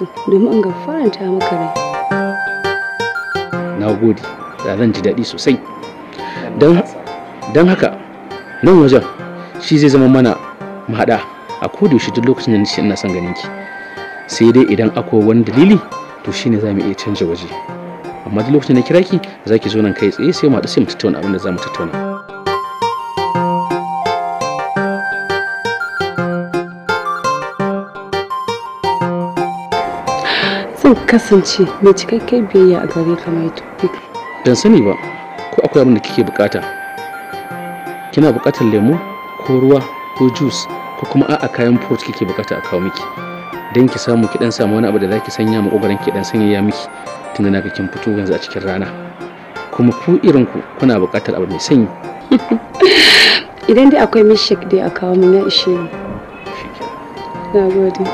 lokaci domin ga faranta maka rai. Na gode, da zan ji daɗi sosai. Don haka nan wajen shi zai zama mana mahaɗa a kodayaushe duk lokacin da nishi ina son ganin ki. Sai dai idan akwai wani dalili to shine za mu iya canja waje. Amma duk lokacin da kira ki za ki zo nan kai tsaye sai mu haɗu sai mu tattauna abin da za mu tattauna. kasance mai cikakken biyayya a gare ka mai tofi dan sani ba ko akwai abin da kike bukata kina bukatar lemo ko ruwa ko juice ko kuma a'a kayan fruit kike bukata a kawo miki dan ki samu ki dan samu wani abu da zaki sanya mu kokarin ki dan sanyaya miki tunda naga kin fito yanzu a cikin rana kuma ku irin ku kuna bukatar abu mai sanyi idan dai akwai milkshake dai a kawo mun ya ishe ni na gode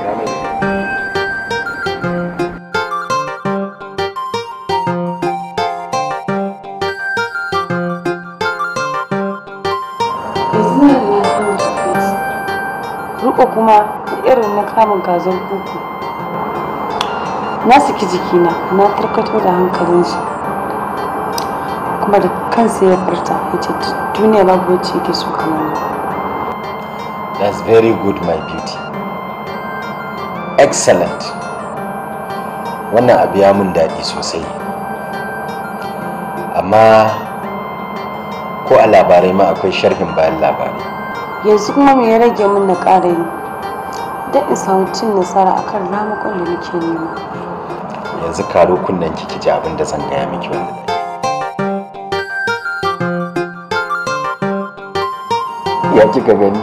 gazon kuku na saki jikina na tarkato da hankalinsu kuma da kansa ya furta ya ce duniya babu wacce yake so kamar ni that's very good my beauty excellent wannan abu ya mun daɗi sosai amma ko a labarai ma akwai sharhin bayan labarai yanzu kuma me ya rage mun na ƙara yi daɗa samu cin nasara akan ramukan da nake nema yanzu karo kunnen kiki ji abin da zan gaya miki wannan ya kika gani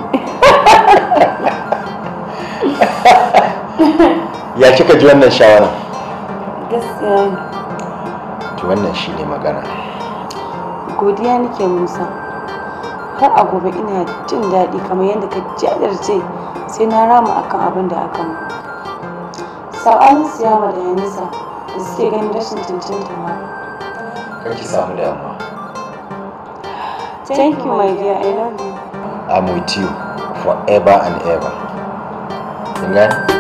ya kika ji wannan shawara gaskiya ki wannan shine magana godiya nake musa har a gobe ina jin daɗi kamar yadda ka jajirce sai na rama akan abin da aka mu sa'alin siyawa da yanisa da suke ganin rashin ta ma ki samu damuwa thank you my dear i love you i'm with you forever and ever kin Yeah?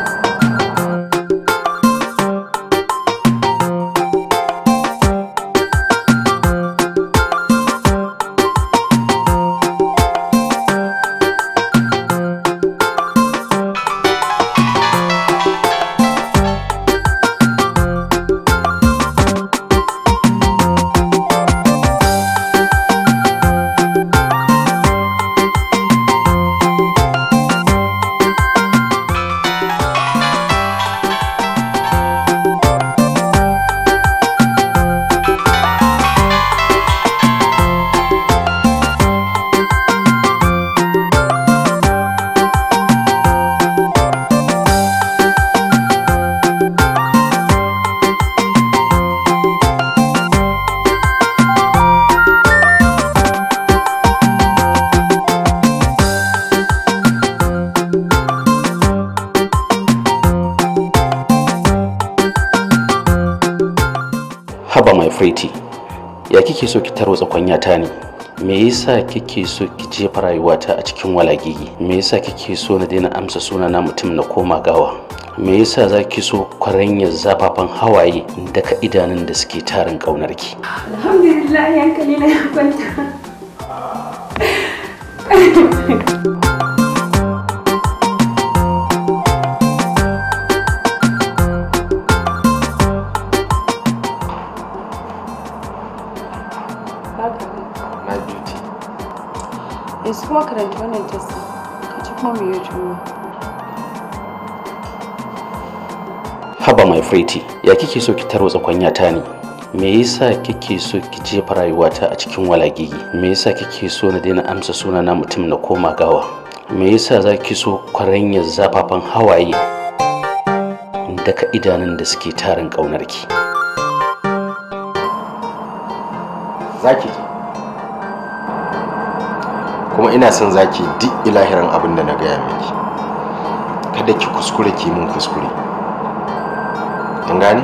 kike so ki tarwatsa ta ne me yasa kike so ki jefa rayuwata a cikin walagigi me yasa kike so na daina amsa suna na mutum na koma gawa me yasa za ki so ya zafafan hawaye daga idanun da suke tarin kaunar ki alhamdulillah yankali na ya kwanta yanzu kuma karanta wannan tasi ka ci kuma mu yi haba mai freti ya kike so ki tarwatsa kwanya ta ne me yasa kike so ki jefa rayuwata a cikin walagigi me yasa kike so na daina amsa suna na mutum na koma gawa me yasa za ki so kwaranyar zafafan hawaye daka idanun da suke tarin ƙaunarki za ki je kuma ina son zaki duk ilahiran abin da na gaya miki kada ki kuskure ki mun kuskure an gane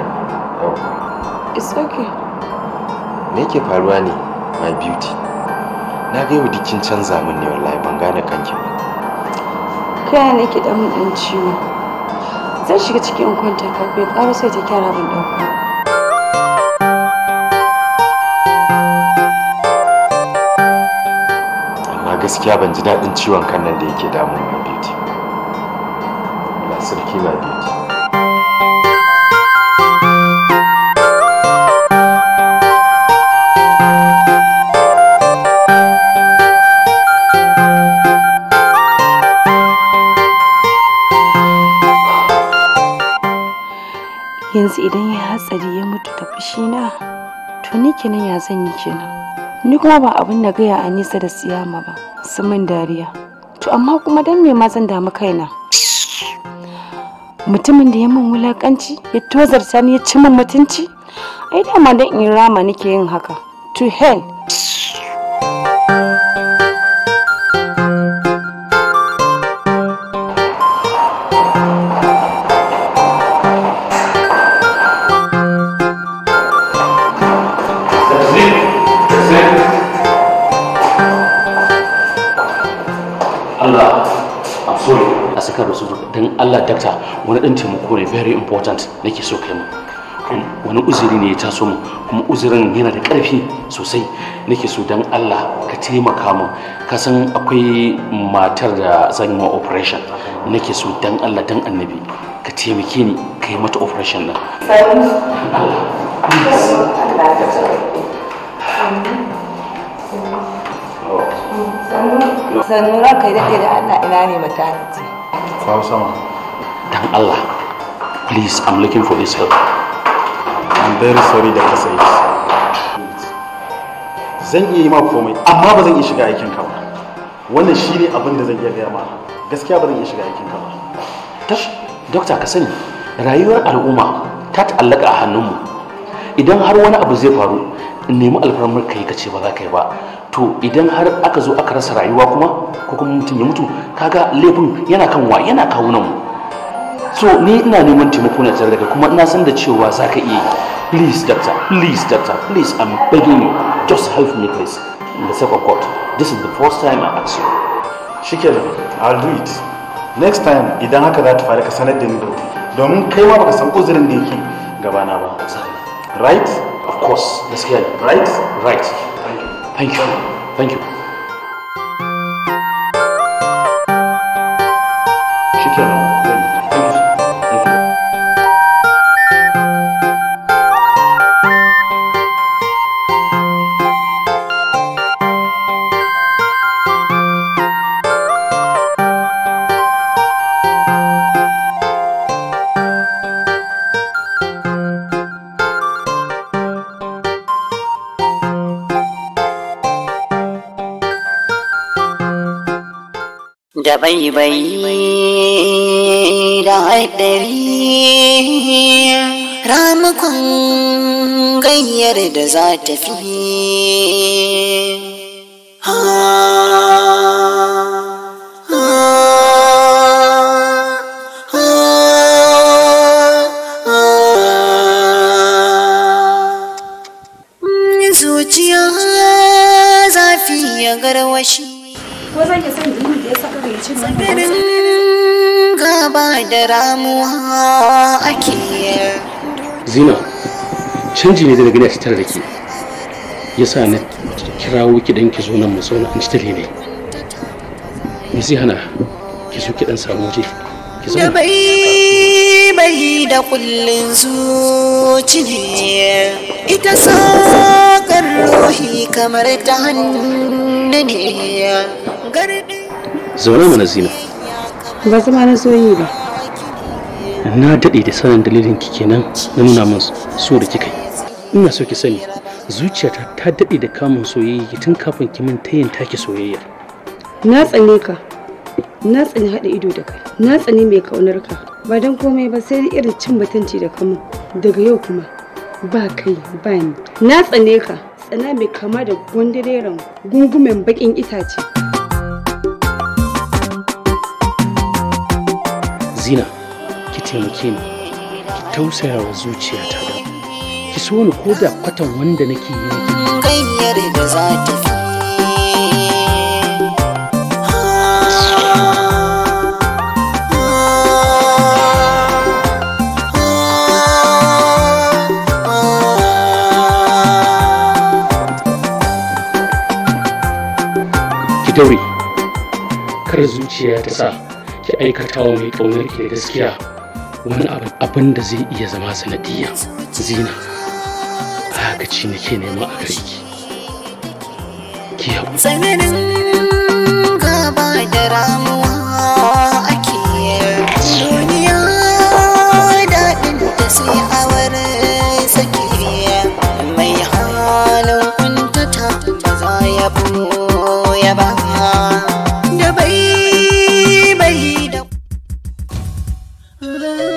it's okay me yake faruwa ne my beauty na ga yau dikin canza min ne wallahi ban gane kanki ba kai ne ki dan mun ciwo zan shiga cikin kwanta kafin ƙaro sai ta kyara ban dauka gaskiya ban ji daɗin ciwon kan nan da yake damun ba beauty Allah sarki ba beauty yanzu idan ya hatsari ya mutu da na, to ni kenan ya zan yi kenan ni kuma ba abin da gaya a nisa da siyama ba sun min dariya to amma kuma dan me ma zan damu kaina mutumin da ya min wulakanci ya tozarta ni ya ci min mutunci ai dama dan in rama nake yin haka to hell Allah dakta wani ɗan taimako ne very important nake so kai mu wani uzuri ne ya taso mu kuma uzurin yana da ƙarfi sosai nake so don Allah ka taimaka mu ka san akwai matar da zan yi operation nake so don Allah don annabi ka taimake ni ka yi mata operation nan sannu ranka yi daɗe da Allah ina ne maternity. Kawo sama. dan Allah please I'm looking for his help I'm very sorry da kasa zan iya yi ma komai amma ba zan iya shiga aikin ka ba wannan shi ne abin da zan iya gaya ma gaskiya ba zan iya shiga aikin ka ba tash dokta ka sani rayuwar al'umma ta ta'allaka a hannunmu idan har wani abu zai faru nemi alfarmar kai ka ce ba za ka yi ba to idan har aka zo aka rasa rayuwa kuma ko kuma mutum ya mutu kaga laifin yana kan wa yana kawunan mu so ni ina neman taimako na tare daga kuma ina san da cewa za ka iya yi please doctor please doctor please i'm begging you just help me please in the second court this is the first time i ask you shikenan i'll do it next time idan haka za ta faru ka sanar da ni domin kai ma baka san uzurin da yake gabana ba right of course gaskiya right right thank you thank you thank you da baibayi da haɗari ramukan gayyar da za ta fi da ramuwa ake zina canji ne da gani a tattare da ke yasa na kirawo ki dan ki zo nan mu zauna an ci tare ne me zai hana ki zo ki dan samu waje ki zauna bai bai da kullun zuci ita sakar rohi kamar ta hannu ne zauna mana zina ba zama na soyi ba na daɗe da sanin dalilin ki kenan na nuna min so da kika ina so ki sani zuciyata ta daɗe da kamun soyayya tun kafin ki min tayin take soyayya na tsane ka na tsani haɗa ido da kai na tsani mai kaunar ka ba don komai ba sai da irin cin batanci da kamun daga yau kuma ba kai ba ni na tsane ka tsana mai kama da gwandareren gungumen bakin itace zina taimake ni ki tausaya wa zuciyata da ki so ni ko da kwatan wanda nake yi ne da za ta kar zuciya ta sa ki aikata wa mai ƙaunar ke da gaskiya wani abin da zai iya zama sanadiyya zina ci nake nema a gare ki ki yau tsananin gaba da ramuwa ake duniya daɗin da sai awar sake mai halin kuntata ta za ya ba love.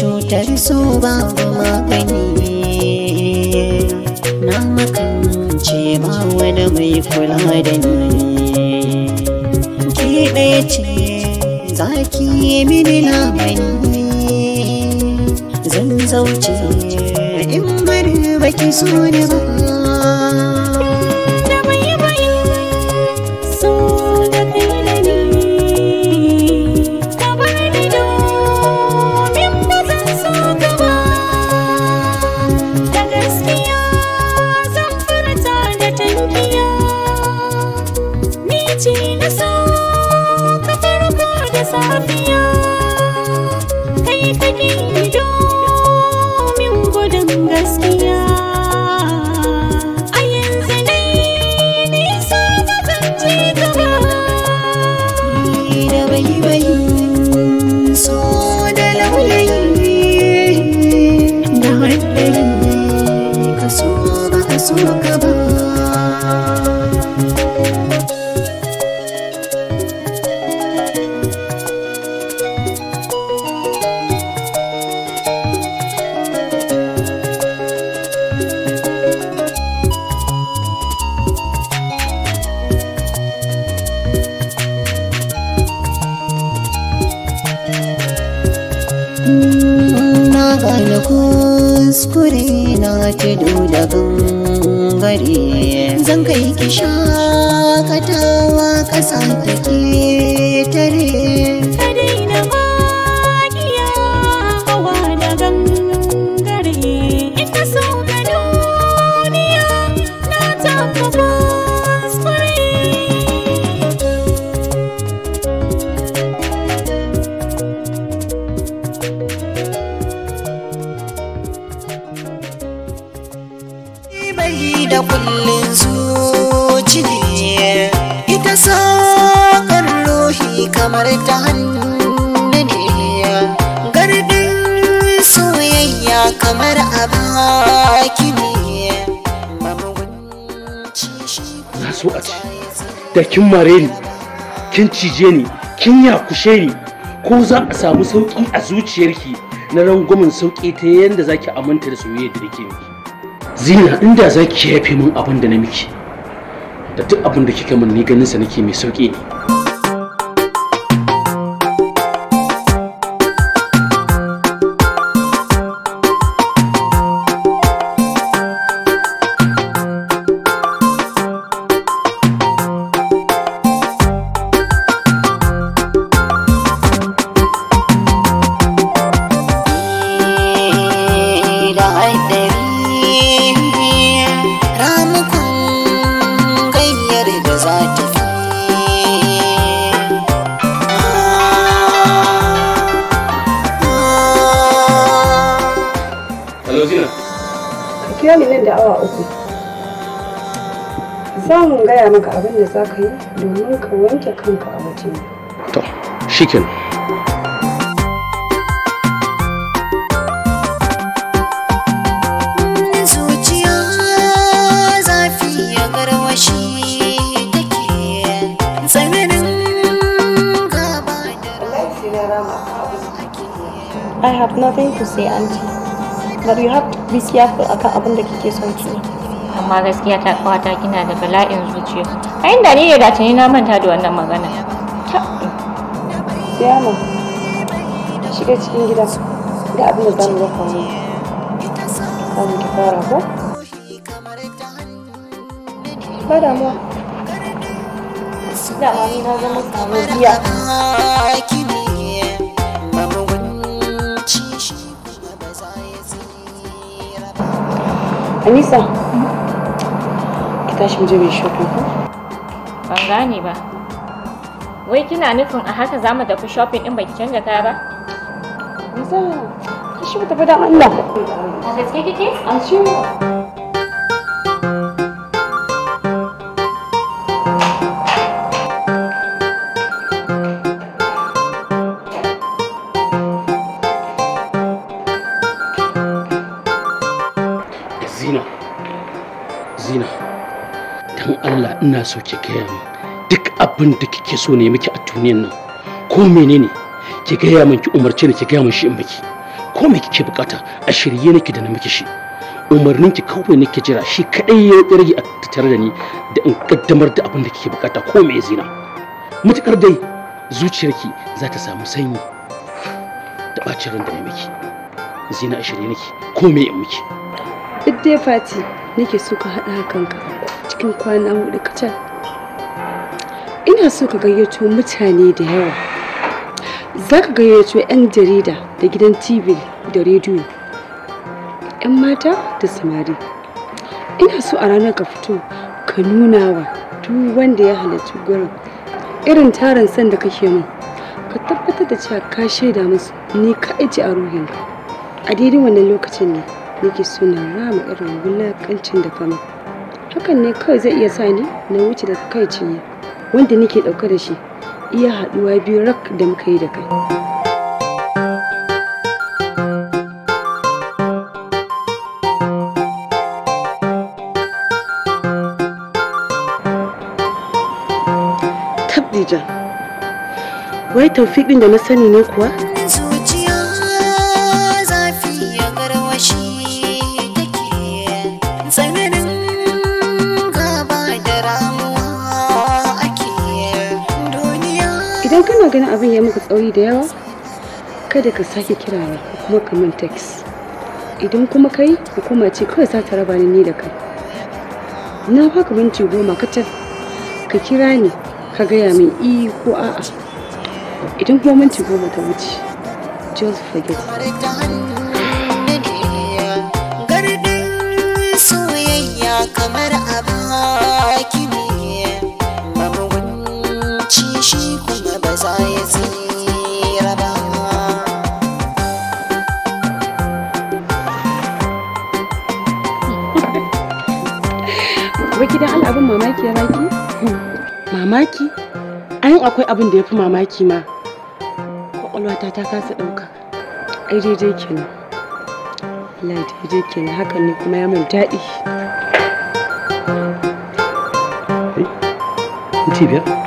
cutar so babu magani na ce ba wani mai kula da ni ki ɗaya ce zaki mini labari zan zauce in bari baki so ne ba 散りなさ kuskure na tudu da gangare zan kai ki shakatawa ƙasa take da kullun zuci ne ita sakar ruhi kamar ta hannu ne gardin soyayya kamar a baki ne a ce da kin mare ni kin cije ni kin yakushe ni ko za a samu sauki a zuciyarki na rangwamin sauƙi ta yadda ki aminta da soyayya da nake miki zina inda za ki yafe min abin da na miki da duk abin da kika min ni ganin sa nake mai sauki ne kira ni nan da awa uku za mu gaya maka abin da za ka yi domin ka wanke kanka a waje to shikin I have nothing to say, Auntie. but you have to be careful akan abin da kike son ki amma gaskiya ta kwata kina da bala'in zuciya a inda ni ne da tuni na manta da wannan magana ta Siyama shiga cikin gida ga abin da zan dafa mu kan ki fara ko fara mu da ma na zama kamar Anissa, ki tashi mu je mai shopping ko? Ban gane ba. Wai kina nufin a haka za mu tafi shopping din baki canja kaya ba? ki shi mu tafi don Allah. A gaske kike? A ciwo. ina so ki gaya min duk abin da kike so ne miki a duniyan nan ko menene ki gaya min ki umarce ni ki gaya min shi in miki ko me kike bukata a shirye nake da na miki shi umarnin ki kawai nake jira shi kadai ya rage a tattare da ni da in kaddamar da abin da kike bukata ko me zina mutukar dai zuciyarki za ta samu sanyi da bacin ran da na miki zina a shirye nake ko me in miki duk dai fati nake so ka haɗa kanka cikin kwana hudu kacal ina so ka gayyato mutane da yawa za ka gayyato 'yan jarida da gidan tv da rediyo 'yan mata da samari ina so a ranar ka fito ka nuna wa duk wanda ya halarci gurin irin tarin san da kake mun. ka tabbatar da cewa ka shaida musu ni ka aji a ruhinka a daidai wannan lokacin ne nake so na rama irin wulakancin da kama hakan ne kawai zai iya sani na wuce da ne wanda nake ɗauka da shi iya haɗuwa biyu rak da muka yi da kai tabdija wai taufiƙin da na sani ne kuwa da yawa kada ka sake kirawa kuma ka min text idan kuma kai hukuma ce kawai za ta raba ni ni da kai na faka minti goma kacal ka kira ni ka gaya min i ko a'a idan kuma minti goma ta wuce just forget kamar ba mu shi kuma ba za ya tsaye mamaki ya raki? Mamaki? Ayin akwai abin da ya fi mamaki ma. Kwakwalwata ta kasa ɗauka. Ai daidai kenan. Allah daidai kenan hakan ne kuma ya min daɗi. Ai, biyar?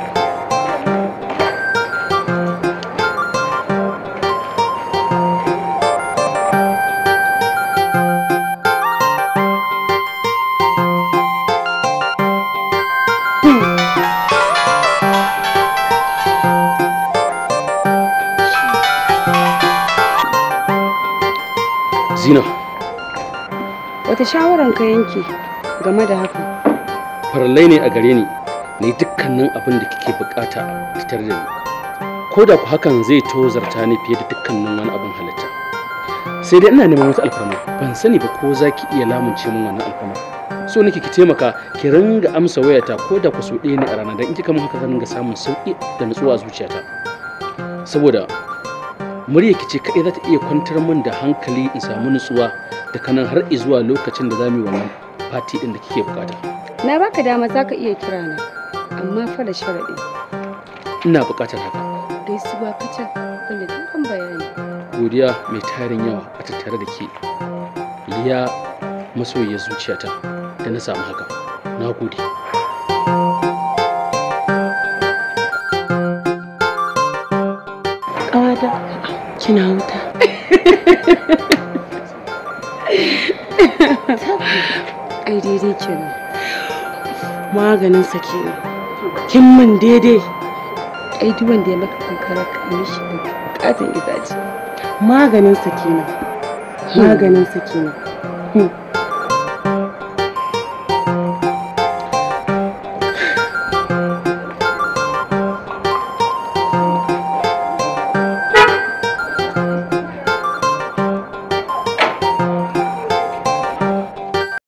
Zina. Wata shawaran ka yanke game da haka? Farallai ne a gare ni na yi dukkanin abin da kike bukata a fitar da ni. Ko da ku hakan zai tozarta ni fiye da dukkanin wani abin halitta. Sai dai ina neman wata alfarma ban sani ba ko za ki iya lamunce min wannan alfarma. So nake ki taimaka ki ringa amsa wayata ko da ku so ɗaya ne a rana dan in kika mun haka zan ga samun sauki da nutsuwa zuciyata. Saboda murya ki ce kaɗai za ta iya kwantar min da hankali in samu nutsuwa da nan har zuwa lokacin da za mu yi wannan fati ɗin da kike bukata. Na baka dama za ka iya kira na, amma fa da sharaɗi. Ina buƙatar haka. Gaisuwa kacal wanda kan kan bayani. Godiya mai tarin yawa a tattare da ke. Liya masoyiyar zuciyata da na samu haka. Na gode. kina wuta? ai daidai kenan maganin sa kenan kin min daidai ai duk wanda ya maka kankara ka shi da katin itace maganin sa kenan maganin sa Hmm.